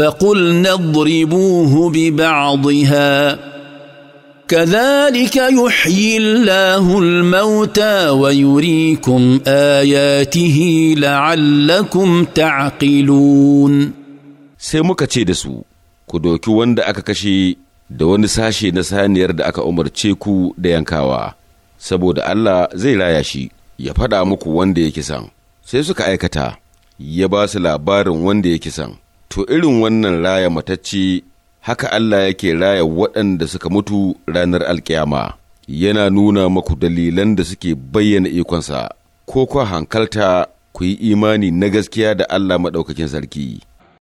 فقلنا اضربوه ببعضها كذلك يحيي الله الموتى ويريكم اياته لعلكم تعقلون sai muka ce da su ku doki wanda aka kashe da wani sashe na saniyar da aka umarce ku da yankawa saboda Allah zai raya shi ya faɗa muku wanda yake san sai suka aikata ya ba su labarin wanda yake san to irin wannan raya matacce haka Allah yake raya waɗanda suka mutu ranar alkiyama yana nuna maku dalilan da suke bayyana ikonsa ko kwa hankalta ku yi imani na gaskiya da Allah maɗaukakin sarki.